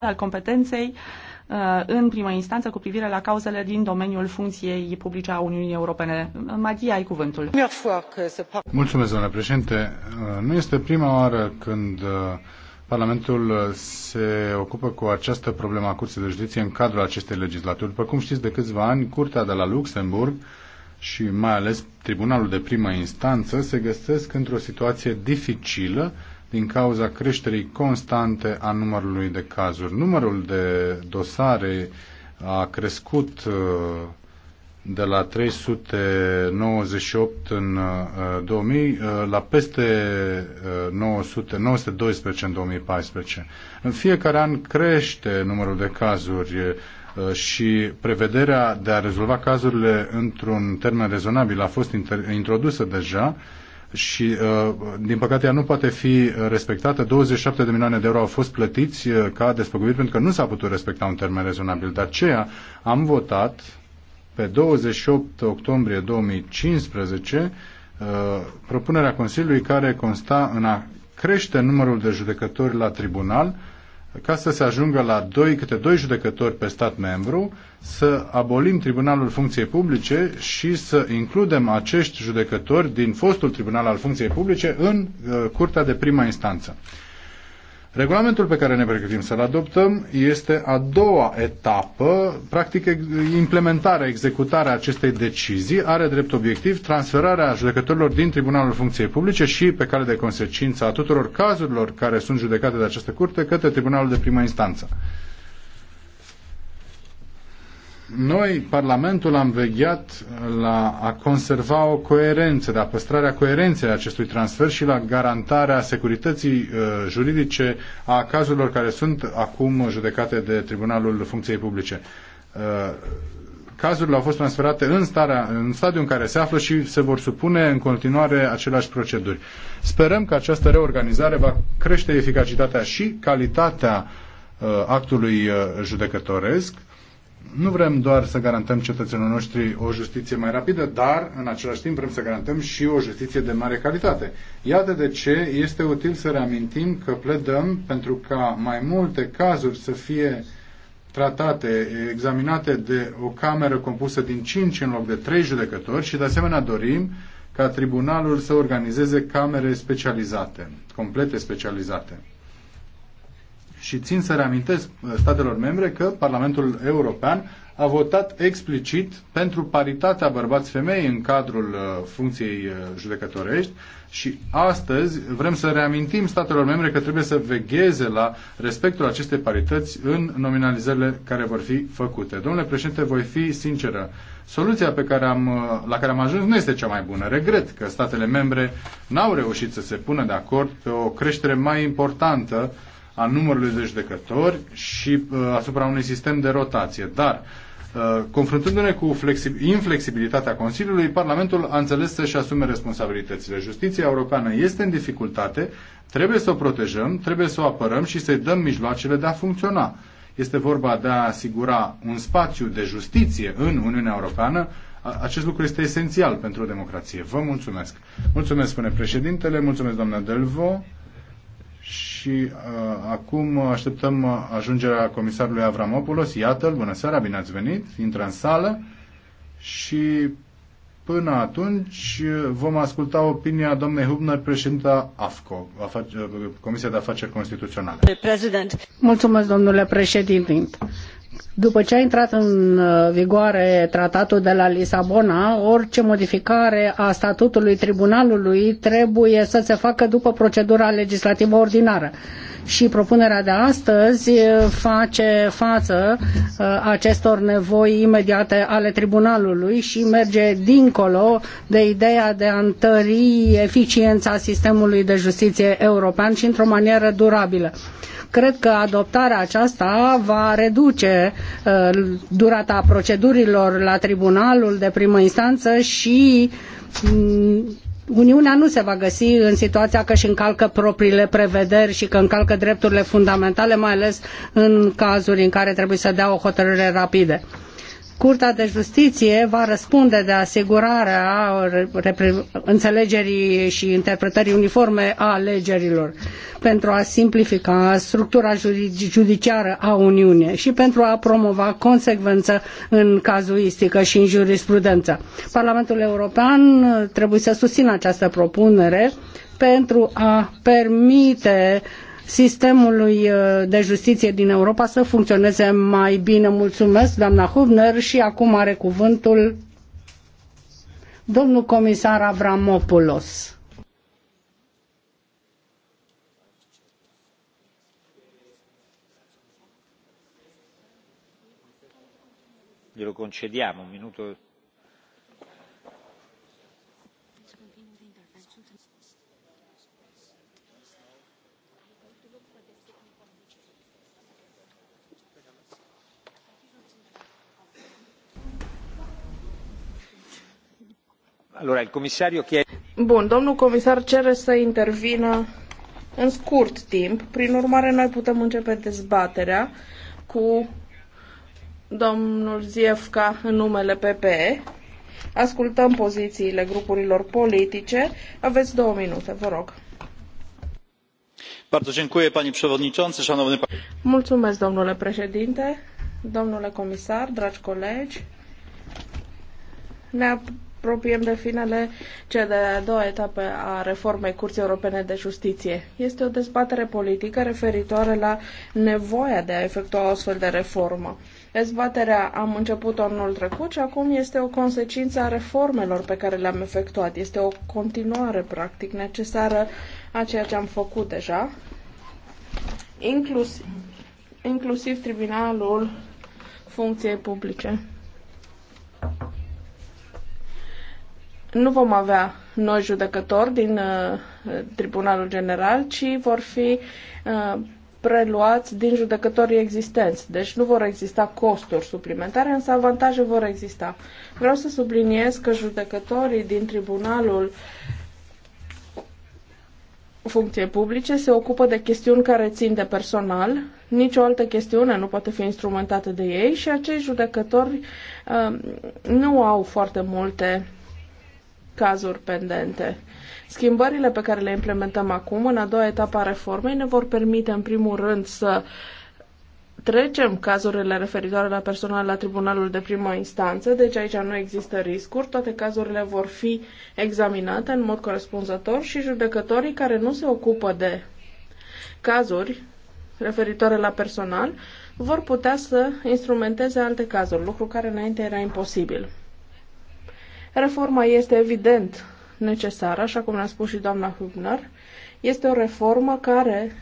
al competenței uh, în prima instanță cu privire la cauzele din domeniul funcției publice a Uniunii Europene. Maghia, ai cuvântul. Mulțumesc, doamne președinte. Uh, nu este prima oară când uh, Parlamentul se ocupă cu această problemă a Curții de Justiție în cadrul acestei legislaturi. După cum știți, de câțiva ani, Curtea de la Luxemburg și mai ales Tribunalul de Primă Instanță se găsesc într-o situație dificilă din cauza creșterii constante a numărului de cazuri. Numărul de dosare a crescut uh, de la 398 în 2000 uh, uh, la peste 900, 912 în 2014. În fiecare an crește numărul de cazuri și prevederea de a rezolva cazurile într-un termen rezonabil a fost introdusă deja și, uh, din păcate, ea nu poate fi respectată. 27 de milioane de euro au fost plătiți uh, ca despăgubiri pentru că nu s-a putut respecta un termen rezonabil. De aceea am votat pe 28 octombrie 2015 uh, propunerea Consiliului care consta în a crește numărul de judecători la tribunal ca să se ajungă la doi, câte doi judecători pe stat membru, să abolim Tribunalul Funcției Publice și să includem acești judecători din fostul Tribunal al Funcției Publice în uh, Curtea de Prima Instanță. Regulamentul pe care ne pregătim să-l adoptăm este a doua etapă, practic implementarea, executarea acestei decizii are drept obiectiv transferarea judecătorilor din Tribunalul Funcției Publice și pe cale de consecință a tuturor cazurilor care sunt judecate de această curte către Tribunalul de Primă Instanță. Noi, Parlamentul, am vegheat la a conserva o coerență, la păstrarea coerenței acestui transfer și la garantarea securității uh, juridice a cazurilor care sunt acum judecate de Tribunalul Funcției Publice. Uh, cazurile au fost transferate în, starea, în stadiul în care se află și se vor supune în continuare aceleași proceduri. Sperăm că această reorganizare va crește eficacitatea și calitatea uh, actului uh, judecătoresc nu vrem doar să garantăm cetățenilor noștri o justiție mai rapidă, dar în același timp vrem să garantăm și o justiție de mare calitate. Iată de ce este util să reamintim că pledăm pentru ca mai multe cazuri să fie tratate, examinate de o cameră compusă din 5 în loc de 3 judecători și de asemenea dorim ca tribunalul să organizeze camere specializate, complete specializate. Și țin să reamintesc uh, statelor membre că Parlamentul European a votat explicit pentru paritatea bărbați-femei în cadrul uh, funcției uh, judecătorești și astăzi vrem să reamintim statelor membre că trebuie să vegheze la respectul acestei parități în nominalizările care vor fi făcute. Domnule președinte, voi fi sinceră. Soluția pe care am, la care am ajuns nu este cea mai bună. Regret că statele membre n-au reușit să se pună de acord pe o creștere mai importantă a numărului de judecători și uh, asupra unui sistem de rotație. Dar uh, confruntându-ne cu inflexibilitatea Consiliului, Parlamentul a înțeles să-și asume responsabilitățile. Justiția europeană este în dificultate, trebuie să o protejăm, trebuie să o apărăm și să-i dăm mijloacele de a funcționa. Este vorba de a asigura un spațiu de justiție în Uniunea Europeană. Acest lucru este esențial pentru o democrație. Vă mulțumesc. Mulțumesc, spune președintele, mulțumesc, doamna Delvo și uh, acum așteptăm ajungerea comisarului Avramopoulos. Iată-l, bună seara, bine ați venit, intră în sală și până atunci vom asculta opinia doamnei Hubner, președinta AFCO, Comisia de Afaceri Constituționale. President. Mulțumesc, domnule președinte. După ce a intrat în uh, vigoare tratatul de la Lisabona, orice modificare a statutului tribunalului trebuie să se facă după procedura legislativă ordinară. Și propunerea de astăzi uh, face față uh, acestor nevoi imediate ale tribunalului și merge dincolo de ideea de a întări eficiența sistemului de justiție european și într-o manieră durabilă Cred că adoptarea aceasta va reduce uh, durata procedurilor la tribunalul de primă instanță și mm, Uniunea nu se va găsi în situația că își încalcă propriile prevederi și că încalcă drepturile fundamentale, mai ales în cazuri în care trebuie să dea o hotărâre rapidă. Curtea de Justiție va răspunde de asigurarea înțelegerii și interpretării uniforme a alegerilor pentru a simplifica structura judiciară a Uniunii și pentru a promova consecvență în cazuistică și în jurisprudență. Parlamentul European trebuie să susțină această propunere pentru a permite uh, sistemului uh, de justiție din Europa să funcționeze mai bine. Mulțumesc, doamna Hubner, și acum are cuvântul domnul comisar Avramopoulos. glielo concediamo un minuto Allora, il chiede... Bun, domnul comisar cere să intervină în scurt timp. Prin urmare, noi putem începe dezbaterea cu domnul Ziefca în numele PPE. Ascultăm pozițiile grupurilor politice. Aveți două minute, vă rog. Mulțumesc, domnule președinte, domnule comisar, dragi colegi. Ne apropiem de finele cele de-a doua etape a reformei Curții Europene de Justiție. Este o dezbatere politică referitoare la nevoia de a efectua o astfel de reformă. Dezbaterea am început anul trecut și acum este o consecință a reformelor pe care le-am efectuat. Este o continuare, practic, necesară a ceea ce am făcut deja, inclusiv, inclusiv Tribunalul Funcției Publice. nu vom avea noi judecători din uh, Tribunalul General, ci vor fi uh, preluați din judecătorii existenți. Deci nu vor exista costuri suplimentare, însă avantaje vor exista. Vreau să subliniez că judecătorii din Tribunalul funcție publice se ocupă de chestiuni care țin de personal, nicio altă chestiune nu poate fi instrumentată de ei și acei judecători uh, nu au foarte multe cazuri pendente. Schimbările pe care le implementăm acum, în a doua etapă a reformei, ne vor permite, în primul rând, să trecem cazurile referitoare la personal la tribunalul de primă instanță, deci aici nu există riscuri, toate cazurile vor fi examinate în mod corespunzător și judecătorii care nu se ocupă de cazuri referitoare la personal vor putea să instrumenteze alte cazuri, lucru care înainte era imposibil. Reforma este evident necesară, așa cum ne-a spus și doamna Hübner. Este o reformă care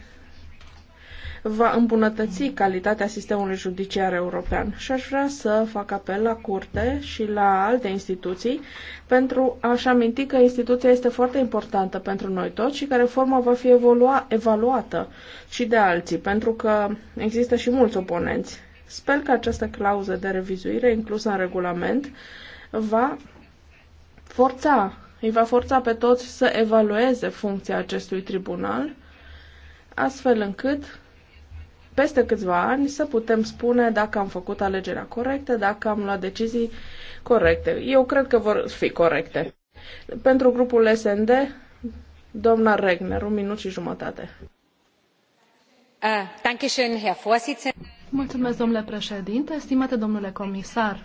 va îmbunătăți calitatea sistemului judiciar european și aș vrea să fac apel la curte și la alte instituții pentru a-și aminti că instituția este foarte importantă pentru noi toți și că reforma va fi evolua, evaluată și de alții, pentru că există și mulți oponenți. Sper că această clauză de revizuire inclusă în regulament va forța, îi va forța pe toți să evalueze funcția acestui tribunal, astfel încât peste câțiva ani să putem spune dacă am făcut alegerea corectă, dacă am luat decizii corecte. Eu cred că vor fi corecte. Pentru grupul SND, doamna Regner, un minut și jumătate. Eh, Mulțumesc, domnule președinte, stimate domnule comisar.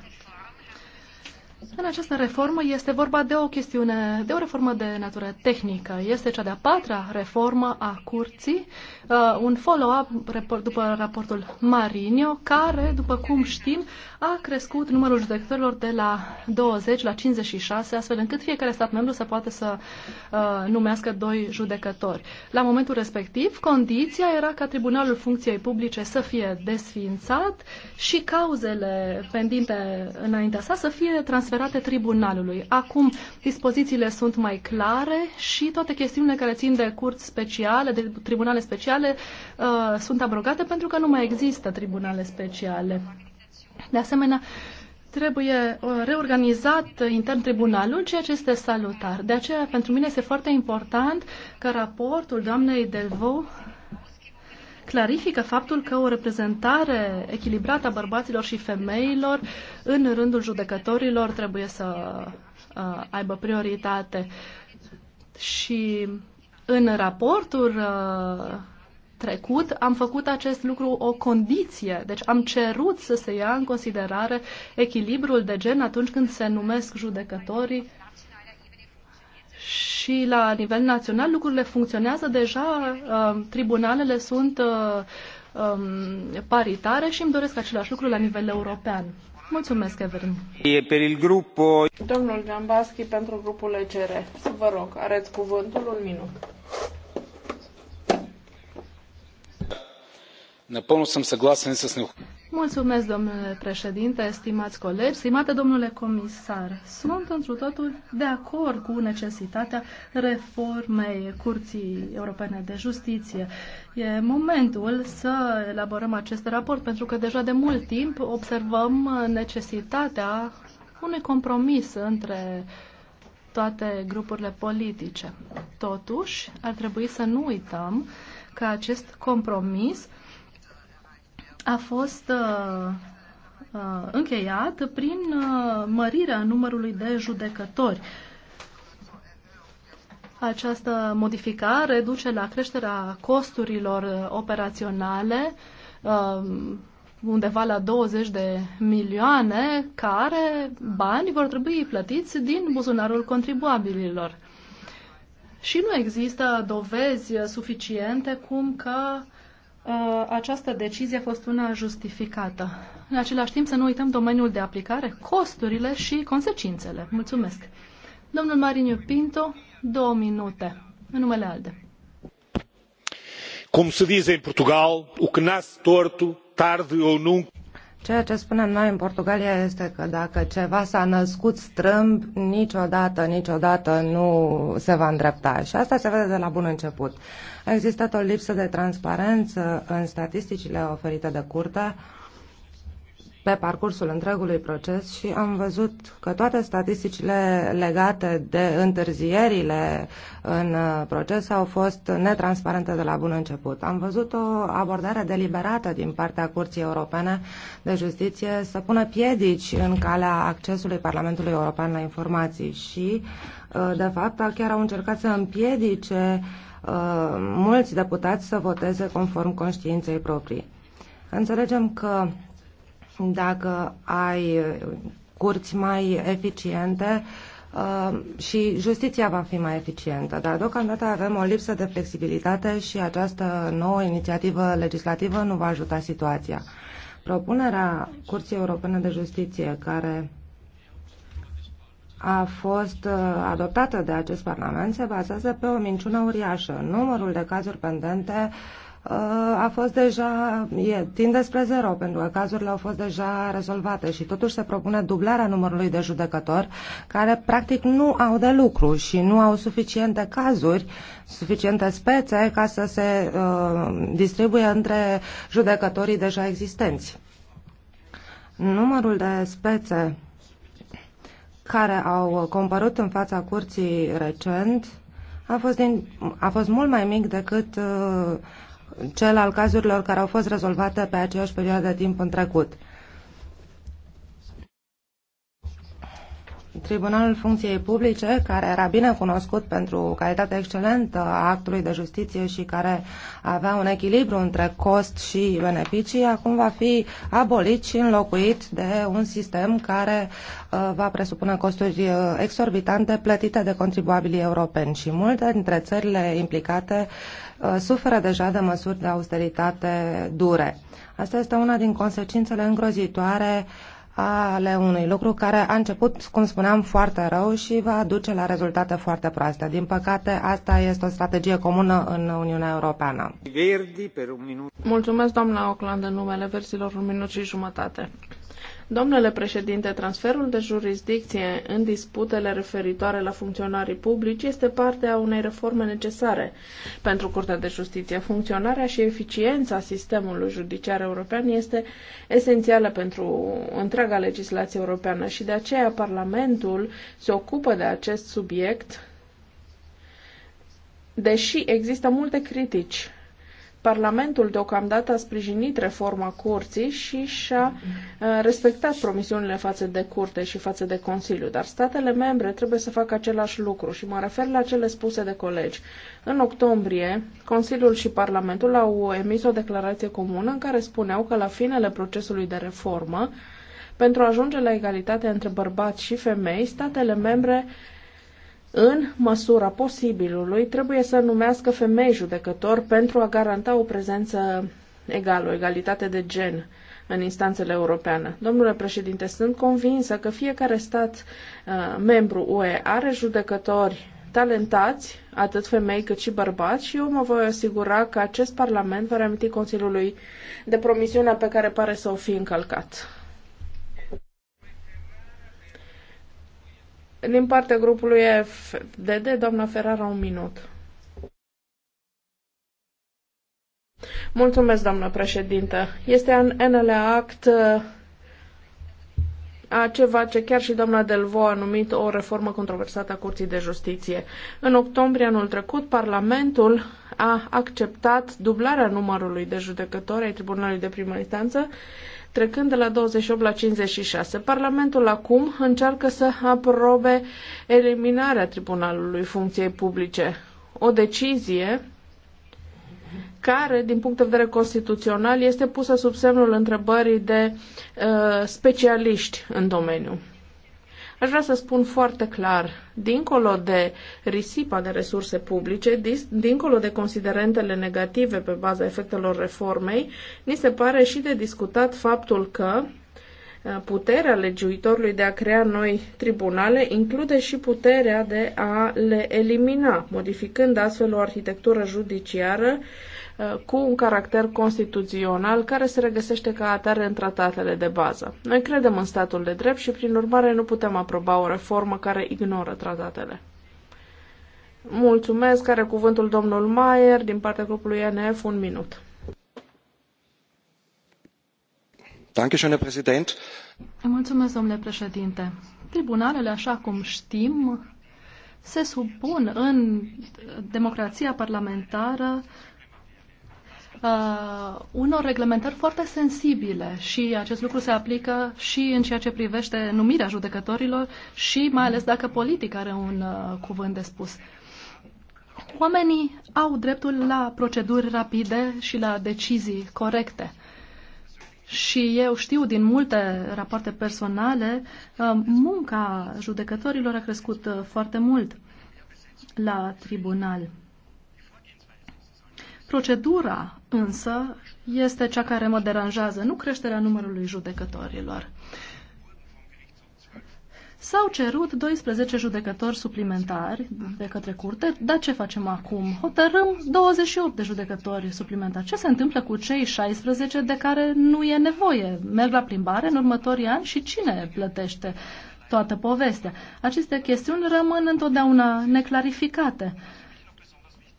În această reformă este vorba de o chestiune, de o reformă de natură tehnică. Este cea de-a patra reformă a curții, uh, un follow-up după raportul Marinio, care, după cum știm, a crescut numărul judecătorilor de la 20 la 56, astfel încât fiecare stat membru să poată să uh, numească doi judecători. La momentul respectiv, condiția era ca Tribunalul Funcției Publice să fie desfințat și cauzele pendinte înaintea sa să fie transferate transferate tribunalului. Acum dispozițiile sunt mai clare și toate chestiunile care țin de curți speciale, de tribunale speciale, uh, sunt abrogate pentru că nu mai există tribunale speciale. De asemenea, trebuie uh, reorganizat intern tribunalul, ceea ce este salutar. De aceea, pentru mine este foarte important că raportul doamnei Delvaux clarifică faptul că o reprezentare echilibrată a bărbaților și femeilor în rândul judecătorilor trebuie să uh, aibă prioritate. Și în raportul uh, trecut am făcut acest lucru o condiție, deci am cerut să se ia în considerare echilibrul de gen atunci când se numesc judecătorii și la nivel național lucrurile funcționează deja, uh, tribunalele sunt uh, um, paritare și îmi doresc același lucru la nivel european. Mulțumesc, Evelyn. Per il gruppo... Domnul Giambaschi, pentru grupul ECR, să vă rog, areți cuvântul un minut. Напълно съм съгласен с необходимостта Mulțumesc, domnule președinte, stimați colegi, stimate domnule comisar. Sunt întru totul de acord cu necesitatea reformei Curții Europene de Justiție. E momentul să elaborăm acest raport, pentru că deja de mult timp observăm necesitatea unui compromis între toate grupurile politice. Totuși, ar trebui să nu uităm că acest compromis a fost uh, uh, încheiat prin uh, mărirea numărului de judecători. Această modificare duce la creșterea costurilor uh, operaționale uh, undeva la 20 de milioane, care bani vor trebui plătiți din buzunarul contribuabililor. Și nu există dovezi suficiente cum că uh, Uh, această decizie a fost una justificată. În același timp să nu uităm domeniul de aplicare, costurile și consecințele. Mulțumesc. Domnul Mariniu Pinto, două minute. În numele ALDE. Cum se diz în Portugal, o que nasce torto, tarde ou nunca... Ceea ce spunem noi în Portugalia este că dacă ceva s-a născut strâmb, niciodată, niciodată nu se va îndrepta. Și asta se vede de la bun început. A existat o lipsă de transparență în statisticile oferite de curte, pe parcursul întregului proces și am văzut că toate statisticile legate de întârzierile în uh, proces au fost netransparente de la bun început. Am văzut o abordare deliberată din partea Curții Europene de Justiție să pună piedici în calea accesului Parlamentului European la informații și, uh, de fapt, chiar au încercat să împiedice uh, mulți deputați să voteze conform conștiinței proprii. Înțelegem că dacă ai uh, curți mai eficiente uh, și justiția va fi mai eficientă. Dar deocamdată avem o lipsă de flexibilitate și această nouă inițiativă legislativă nu va ajuta situația. Propunerea Curții Europene de Justiție, care a fost uh, adoptată de acest Parlament se bazează pe o minciună uriașă. Numărul de cazuri pendente a fost deja, e, tind spre zero, pentru că cazurile au fost deja rezolvate și totuși se propune dublarea numărului de judecători care practic nu au de lucru și nu au suficiente cazuri, suficiente spețe ca să se uh, distribuie între judecătorii deja existenți. Numărul de spețe care au compărut în fața curții recent a fost, din, a fost mult mai mic decât uh, cel al cazurilor care au fost rezolvate pe aceeași perioadă de timp în trecut. Tribunalul Funcției Publice, care era bine cunoscut pentru calitatea excelentă a actului de justiție și care avea un echilibru între cost și beneficii, acum va fi abolit și înlocuit de un sistem care uh, va presupune costuri uh, exorbitante plătite de contribuabilii europeni și multe dintre țările implicate uh, suferă deja de măsuri de austeritate dure. Asta este una din consecințele îngrozitoare uh, ale unui lucru care a început, cum spuneam, foarte rău și va duce la rezultate foarte proaste. Din păcate, asta este o strategie comună în Uniunea Europeană. Verdi, Mulțumesc, doamna Ocland, în numele versilor un minut și jumătate. Domnule președinte, transferul de jurisdicție în disputele referitoare la funcționarii publici este parte a unei reforme necesare pentru Curtea de Justiție. Funcționarea și eficiența sistemului judiciar european este esențială pentru întreaga legislație europeană și de aceea Parlamentul se ocupă de acest subiect, deși există multe critici Parlamentul deocamdată a sprijinit reforma curții și și-a uh, respectat promisiunile față de curte și față de Consiliu, dar statele membre trebuie să facă același lucru și mă refer la cele spuse de colegi. În octombrie, Consiliul și Parlamentul au emis o declarație comună în care spuneau că la finele procesului de reformă, pentru a ajunge la egalitate între bărbați și femei, statele membre în măsura posibilului, trebuie să numească femei judecător pentru a garanta o prezență egală, o egalitate de gen în instanțele europeană. Domnule președinte, sunt convinsă că fiecare stat uh, membru UE are judecători talentați, atât femei cât și bărbați, și eu mă voi asigura că acest Parlament va reaminti Consiliului de promisiunea pe care pare să o fi încălcat. Din partea grupului FDD, doamna Ferrara, un minut. Mulțumesc, doamnă președintă. Este în NLA Act uh, a ceva ce chiar și doamna Delvo a numit o reformă controversată a Curții de Justiție. În octombrie anul trecut, Parlamentul a acceptat dublarea numărului de judecători ai Tribunalului de Primă Instanță trecând de la 28 la 56. Parlamentul acum încearcă să aprobe eliminarea Tribunalului Funcției Publice. O decizie care, din punct de vedere constituțional, este pusă sub semnul întrebării de uh, specialiști în domeniu. Aș vrea să spun foarte clar, dincolo de risipa de resurse publice, dincolo de considerentele negative pe baza efectelor reformei, ni se pare și de discutat faptul că uh, puterea legiuitorului de a crea noi tribunale include și puterea de a le elimina, modificând astfel o arhitectură judiciară Uh, cu un caracter constituțional care se regăsește ca atare în tratatele de bază. Noi credem în statul de drept și, prin urmare, nu putem aproba o reformă care ignoră tratatele. Mulțumesc. Are cuvântul domnul Maier din partea grupului NF. Un minut. Mulțumesc, domnule președinte. Tribunalele, așa cum știm, se supun în democrația parlamentară uh, unor reglementări foarte sensibile și acest lucru se aplică și în ceea ce privește numirea judecătorilor și mai ales dacă politica are un uh, cuvânt de spus. Oamenii au dreptul la proceduri rapide și la decizii corecte. Și eu știu din multe rapoarte personale, uh, munca judecătorilor a crescut uh, foarte mult la tribunal. Procedura însă este cea care mă deranjează, nu creșterea numărului judecătorilor. S-au cerut 12 judecători suplimentari de către curte, dar ce facem acum? Hotărâm 28 de judecători suplimentari. Ce se întâmplă cu cei 16 de care nu e nevoie? Merg la plimbare în următorii ani și cine plătește toată povestea? Aceste chestiuni rămân întotdeauna neclarificate.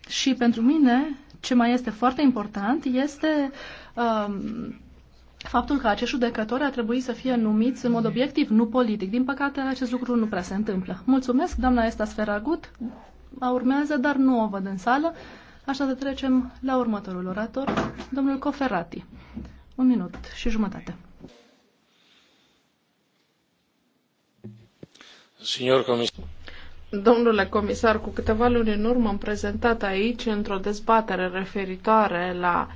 Și pentru mine ce mai este foarte important este um, faptul că acești judecători ar trebui să fie numiți în mod obiectiv, nu politic. Din păcate, acest lucru nu prea se întâmplă. Mulțumesc, doamna Esta Sferagut. Urmează, dar nu o văd în sală. Așa de trecem la următorul orator, domnul Coferati. Un minut și jumătate. Signor comisar. Domnule comisar, cu câteva luni în urmă am prezentat aici, într-o dezbatere referitoare la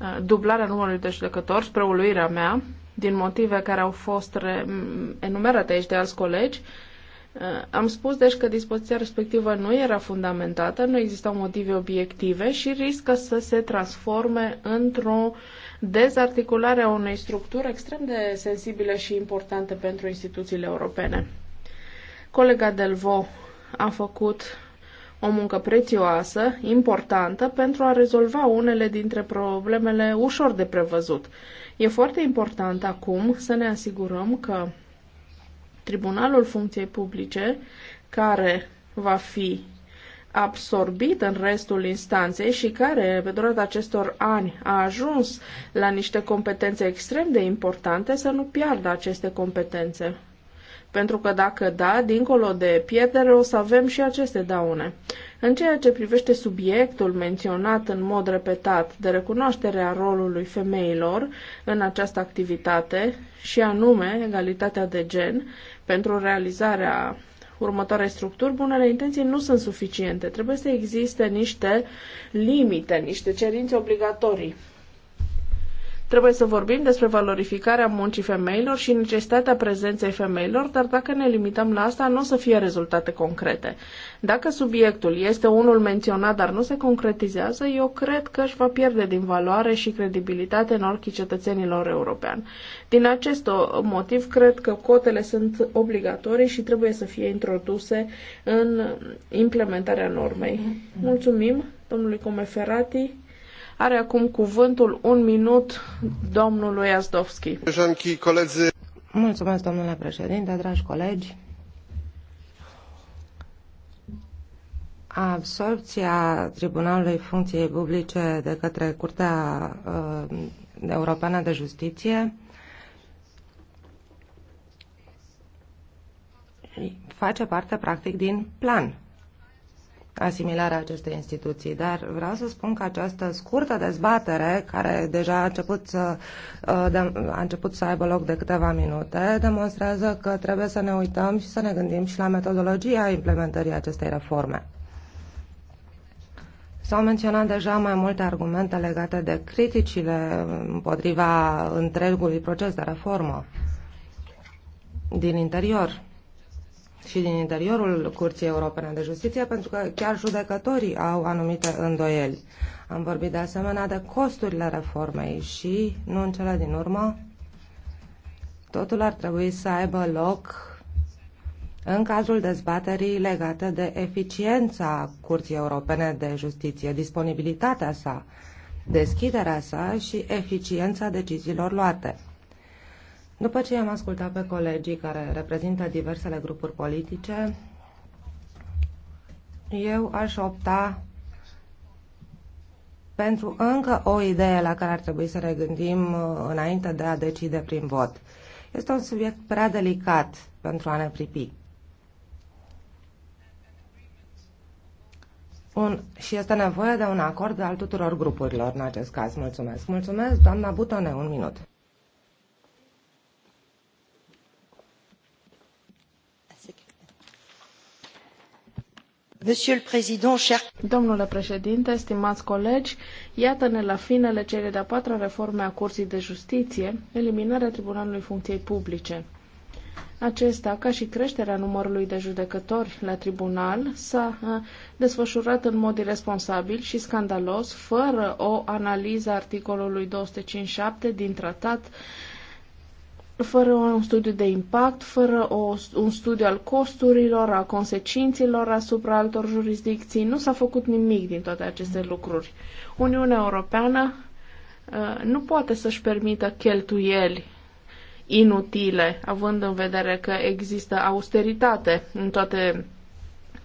uh, dublarea numărului de judecători, spre uluirea mea, din motive care au fost mm, enumerate aici de alți colegi, uh, am spus deci că dispoziția respectivă nu era fundamentată, nu existau motive obiective și riscă să se transforme într-o dezarticulare a unei structuri extrem de sensibile și importante pentru instituțiile europene. Colega Delvo a făcut o muncă prețioasă, importantă, pentru a rezolva unele dintre problemele ușor de prevăzut. E foarte important acum să ne asigurăm că Tribunalul Funcției Publice, care va fi absorbit în restul instanței și care, pe durata acestor ani, a ajuns la niște competențe extrem de importante, să nu piardă aceste competențe. Pentru că dacă da, dincolo de pierdere, o să avem și aceste daune. În ceea ce privește subiectul menționat în mod repetat de recunoașterea rolului femeilor în această activitate, și anume egalitatea de gen, pentru realizarea următoarei structuri, bunele intenții nu sunt suficiente. Trebuie să existe niște limite, niște cerințe obligatorii. Trebuie să vorbim despre valorificarea muncii femeilor și necesitatea prezenței femeilor, dar dacă ne limităm la asta, nu o să fie rezultate concrete. Dacă subiectul este unul menționat, dar nu se concretizează, eu cred că își va pierde din valoare și credibilitate în ochii cetățenilor europeani. Din acest motiv, cred că cotele sunt obligatorii și trebuie să fie introduse în implementarea normei. Mulțumim domnului Comeferati. Are acum cuvântul un minut domnului Azdovski. Mulțumesc, domnule președinte, dragi colegi. Absorpția Tribunalului Funcției Publice de către Curtea uh, Europeană de Justiție face parte, practic, din plan asimilarea acestei instituții. Dar vreau să spun că această scurtă dezbatere, care deja a început să, uh, a început să aibă loc de câteva minute, demonstrează că trebuie să ne uităm și să ne gândim și la metodologia implementării acestei reforme. S-au menționat deja mai multe argumente legate de criticile împotriva întregului proces de reformă din interior și din interiorul Curții Europene de Justiție, pentru că chiar judecătorii au anumite îndoieli. Am vorbit de asemenea de costurile reformei și, nu în cele din urmă, totul ar trebui să aibă loc în cazul dezbaterii legate de eficiența Curții Europene de Justiție, disponibilitatea sa, deschiderea sa și eficiența deciziilor luate. După ce am ascultat pe colegii care reprezintă diversele grupuri politice, eu aș opta pentru încă o idee la care ar trebui să ne gândim uh, înainte de a decide prin vot. Este un subiect prea delicat pentru a ne pripi. Un, și este nevoie de un acord al tuturor grupurilor în acest caz. Mulțumesc. Mulțumesc, doamna Butone, un minut. Domnule președinte, stimați colegi, iată-ne la finele cele de-a patra reforme a Curții de Justiție, eliminarea Tribunalului Funcției Publice. Acesta, ca și creșterea numărului de judecători la tribunal, s-a desfășurat în mod irresponsabil și scandalos, fără o analiză articolului 257 din tratat fără un studiu de impact, fără o, un studiu al costurilor, a consecințelor asupra altor jurisdicții. Nu s-a făcut nimic din toate aceste lucruri. Uniunea Europeană uh, nu poate să-și permită cheltuieli inutile, având în vedere că există austeritate în toate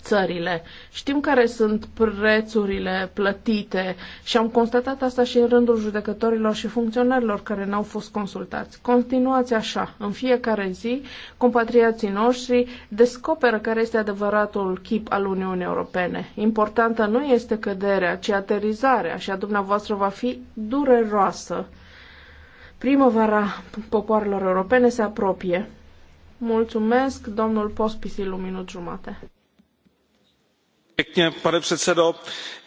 țările. Știm care sunt prețurile plătite și am constatat asta și în rândul judecătorilor și funcționarilor care n-au fost consultați. Continuați așa. În fiecare zi, compatriații noștri descoperă care este adevăratul chip al Uniunii Europene. Importantă nu este căderea, ci aterizarea și a dumneavoastră va fi dureroasă. Primăvara popoarelor europene se apropie. Mulțumesc, domnul Pospisil, un minut jumate pane předsedající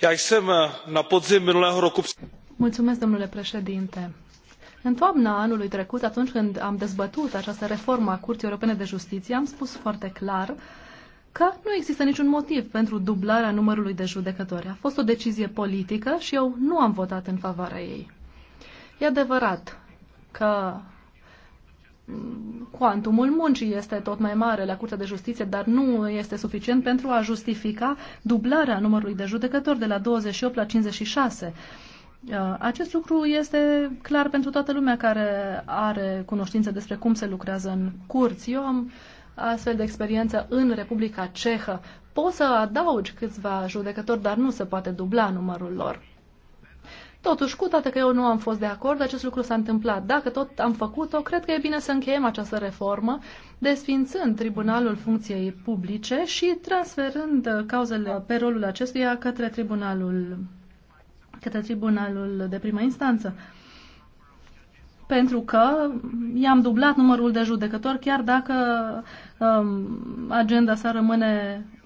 já jsem eh, na podzim minulého roku. Mulțumesc, domnule președinte. În toamna anului trecut, atunci când am dezbătut această reformă a Curții Europene de Justiție, am spus foarte clar că nu există niciun motiv pentru dublarea numărului de judecători. A fost o decizie politică și eu nu am votat în favoarea ei. E adevărat că cuantumul muncii este tot mai mare la Curtea de Justiție, dar nu este suficient pentru a justifica dublarea numărului de judecători de la 28 la 56. Uh, acest lucru este clar pentru toată lumea care are cunoștință despre cum se lucrează în curți. Eu am astfel de experiență în Republica Cehă. Poți să adaugi câțiva judecători, dar nu se poate dubla numărul lor. Totuși, cu toate că eu nu am fost de acord, acest lucru s-a întâmplat. Dacă tot am făcut-o, cred că e bine să încheiem această reformă, desfințând Tribunalul Funcției Publice și transferând uh, cauzele uh, pe rolul acestuia către Tribunalul, către tribunalul de primă instanță pentru că i-am dublat numărul de judecători, chiar dacă um, agenda sa rămâne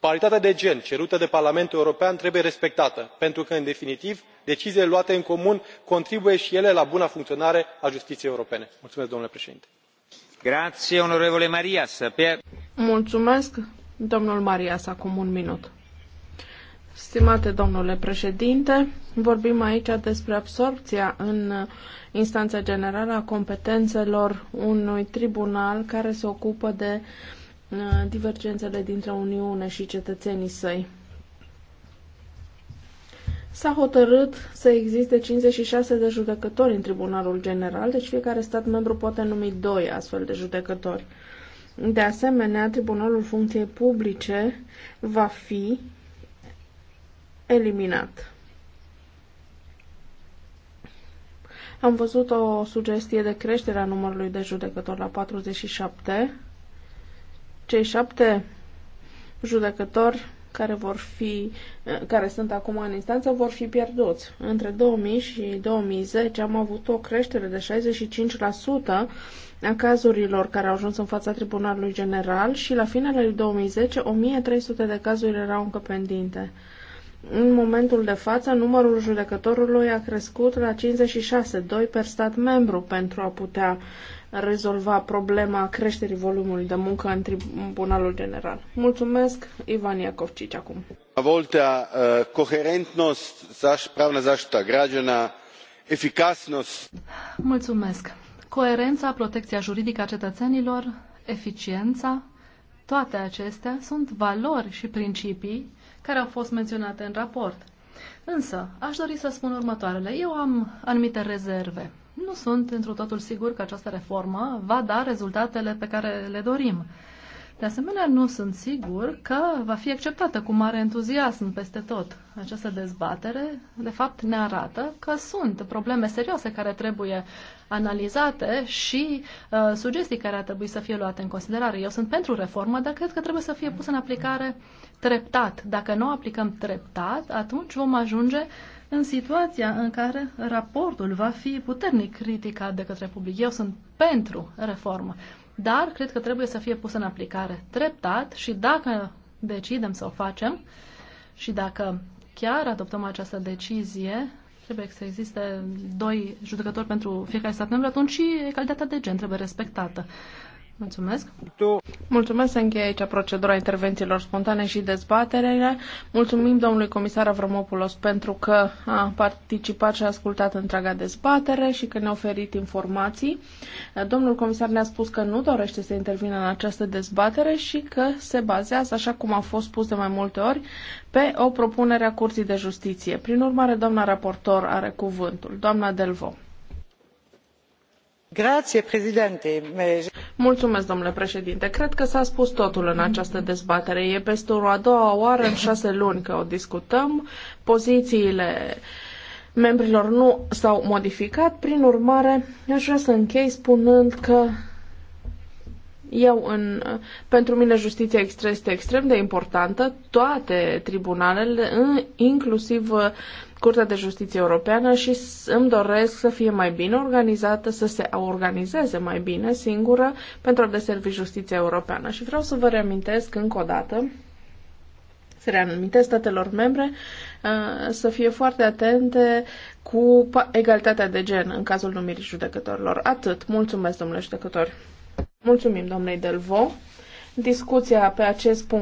paritatea de gen cerută de parlamentul european trebuie respectată pentru că în definitiv deciziile luate în comun contribuie și ele la buna funcționare a justiției europene. domnule președinte Mulțumesc, domnul Marias, acum minut. Stimate domnule președinte, vorbim aici despre absorbția în instanța generală a competențelor unui tribunal care se ocupă de uh, Uh, divergențele dintre Uniune și cetățenii săi. S-a hotărât să existe 56 de judecători în Tribunalul General, deci fiecare stat membru poate numi doi astfel de judecători. De asemenea, Tribunalul Funcției Publice va fi eliminat. Am văzut o sugestie de creștere a numărului de judecători la 47 cei șapte judecători care vor fi, eh, care sunt acum în instanță, vor fi pierduți. Între 2000 și 2010 am avut o creștere de 65% a cazurilor care au ajuns în fața Tribunalului General și la finele lui 2010 1300 de cazuri erau încă pendinte. În momentul de față, numărul judecătorului a crescut la 56, 2 per stat membru, pentru a putea rezolva problema creșterii volumului de muncă în Tribunalul General. Mulțumesc, Ivan Iacovcici, acum. A Volta, uh, coherentnost, pravna zaštita građana, eficasnost. Mulțumesc. Coerența, protecția juridică a cetățenilor, eficiența, toate acestea sunt valori și principii care au fost menționate în raport. Însă, aș dori să spun următoarele. Eu am anumite rezerve nu sunt într totul sigur că această reformă va da rezultatele pe care le dorim. De asemenea, nu sunt sigur că va fi acceptată cu mare entuziasm peste tot. Această dezbatere, de fapt, ne arată că sunt probleme serioase care trebuie analizate și uh, sugestii care ar trebui să fie luate în considerare. Eu sunt pentru reformă, dar cred că trebuie să fie pusă în aplicare treptat. Dacă nu o aplicăm treptat, atunci vom ajunge în situația în care raportul va fi puternic criticat de către public. Eu sunt pentru reformă, dar cred că trebuie să fie pusă în aplicare treptat și dacă decidem să o facem și dacă chiar adoptăm această decizie, trebuie să existe doi judecători pentru fiecare stat membru, atunci și calitatea de gen trebuie respectată. Mulțumesc. Tu. Mulțumesc, se încheie aici procedura intervențiilor spontane și dezbaterele. Mulțumim domnului comisar Avramopoulos pentru că a participat și a ascultat întreaga dezbatere și că ne-a oferit informații. Domnul comisar ne-a spus că nu dorește să intervină în această dezbatere și că se bazează, așa cum a fost spus de mai multe ori, pe o propunere a Curții de Justiție. Prin urmare, doamna raportor are cuvântul. Doamna Delvo. Grazie, președinte. Mulțumesc, domnule președinte. Cred că s-a spus totul în această dezbatere. E peste o a doua oară în șase luni că o discutăm. Pozițiile membrilor nu s-au modificat. Prin urmare, aș vrea să închei spunând că eu, în, pentru mine, justiția extrem este extrem de importantă. Toate tribunalele, inclusiv uh, Curtea de Justiție Europeană și îmi doresc să fie mai bine organizată, să se organizeze mai bine singură pentru a deservi justiția europeană. Și vreau să vă reamintesc încă o dată să reamintesc statelor membre uh, să fie foarte atente cu egalitatea de gen în cazul numirii judecătorilor. Atât. Mulțumesc, domnule judecători. Mulțumim, domnului Delvo. Discuția pe acest punct